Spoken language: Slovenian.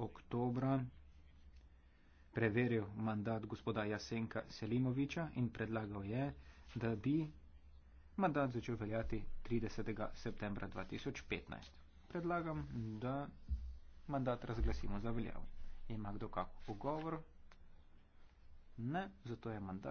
oktobra preveril mandat gospoda Jasenka Selimoviča in predlagal je, da bi mandat začel veljati 30. septembra 2015. Predlagam, da mandat razglasimo za veljav. Ima kdo kak ugovor? Ne, zato je mandat.